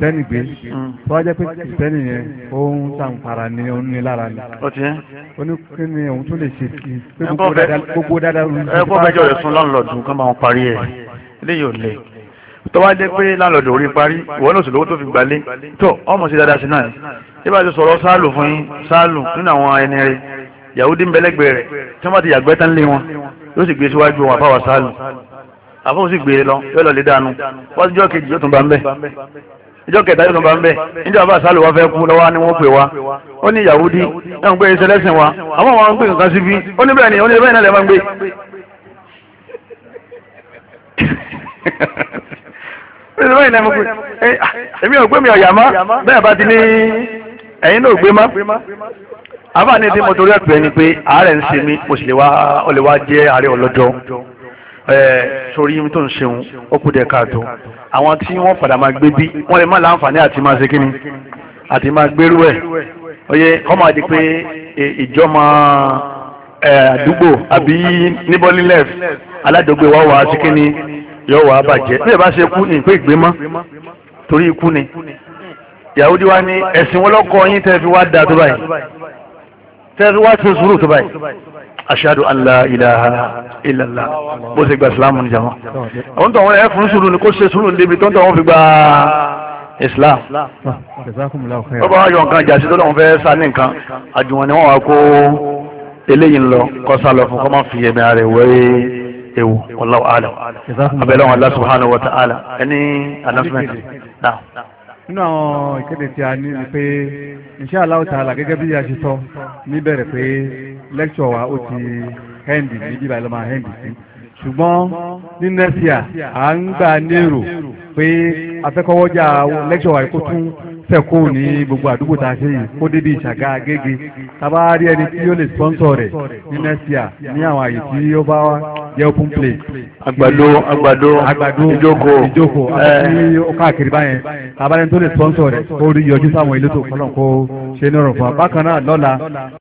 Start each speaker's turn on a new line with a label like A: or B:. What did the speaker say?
A: kìrìtẹ́nì gbé hmm. tó wá jẹ́ pé kìrìtẹ́nì yẹn òun sàǹfàrà ni òun ní lára ni ó ní kí ni òun tún lè ṣe kí gbogbo dáadáa òun ṣe. ẹ kó fẹjọ rẹ sún
B: lọ́nlọ́dún kán máa parí ẹ eléyìí ò lè tó wá jẹ́ pé láńlọ́dún orí parí ìwọ náà sì lówó tó fi gbalé tó ọmọ sí dáadáa sí náà yìí bá ti sọ̀rọ̀ sáàlù fún yín sáàlù nínú àwọn ẹni rẹ yahudi ń bẹ́lẹ́gbẹ̀ẹ́ rẹ̀ tí wọ́n bá ti yàgbẹ́ tán lé wọn
C: yóò sì gbé síwájú wọn àbáwá sáàlù
B: àfọwọ́sí gbé e lọ yóò lọ lè dànù wọ́n ti jọ́ kejì yóò tún bá ń bẹ̀ ìjọ kẹta yóò tún bá ń bẹ níjọ bá sálò wá fẹ́ kú lọ́wọ́ ni wọ́n pè wá
C: ó ní Yahudi náà ń
B: gbé iṣẹ́ lẹ́sìn wa àwọn àwọn ń gbé nǹkan síbi ó ní bẹ́ẹ̀ ni ó ní bẹ́ẹ̀ náà lè máa ń gbé.
C: èmi ò gbé mi ọ̀yà má bẹ́ẹ̀ bá ti ní ẹ̀yin náà gbé má
B: àbá ní ti mo torí ẹ̀pẹ́ ni pé àárẹ̀ ń sinmi mo sì lè wá jẹ́ àárẹ̀ ọlọ́jọ́ sórí yín tó ń ṣeun ó kú dẹ̀ káàtó àwọn tí wọ́n padà máa gbé bí wọ́n lè má láǹfààní àti máa ṣe kíni àti máa gbérú ẹ̀ oyè kọ́ máa di pé e, ìjọmọ àdúgbò àbí níbọ̀lì left
C: aládùúgbò wa wà á sí kíni yóò wà á bàjẹ́ bí ẹ bá
B: ṣe kú ní ìpè ìgbé mọ́ torí ikú ni yahudi wa ni ẹ̀sìn wọn lọ́kọ yín tẹ́ fi wá da tó báyìí tẹ́ fi wá ṣe sùúrù tó báyìí aṣáájú allah ilaha illallah bó ṣe gba islam ní jama àwọn tó àwọn ẹ fún sùúrù ni kó ṣe sùúrù níbi tó ń tó àwọn fi gba islam
C: bọ́bá yọ nǹkan jà sí tó lóun
B: fẹ́ sá ní nǹkan àjùmọ̀ ni wọ́n wá kó eléyìí lọ kọ́ sá lọ fún kọ́ máa fi ẹ̀mí ara rẹ̀ wẹ́ ewu wallahu alam
C: abẹ́lẹ́ wọn allah subhanahu wa ta'ala ẹni announcement
B: náà
A: nínú àwọn ìkéde tí a ní ni pé insha Allah ta'ala gẹ́gẹ́ bí a ṣe sọ níbẹ̀rẹ̀ pé lẹ́kṣọ̀ wa ó ti hẹ́ndì ní bíbá ìlọ́mà hẹ́ndì sí ṣùgbọ́n ní nẹ́síà à ń gbà ní pé afẹ́kọ́wọ́jà lẹ́kṣọ̀ wa kó tún fẹ̀kó ní gbogbo àdúgbò tá a ṣe yìí kó débi ìṣàgá agége tábà rí ẹni tí yóò lè sponsor rẹ̀ ní next year ní àwọn àyè tí ó bá jẹ́ open play. àgbàdo
B: àgbàdo àgbàdo ìjókòó ìjókòó àti
A: káàkiri báyẹn tábà rẹni tó lè sponsor rẹ̀ kó rí yọjú sáwọn ilé tó kọ́lọ̀ kó ṣe ní ọ̀rọ̀ fún wa bákan náà lọ́la.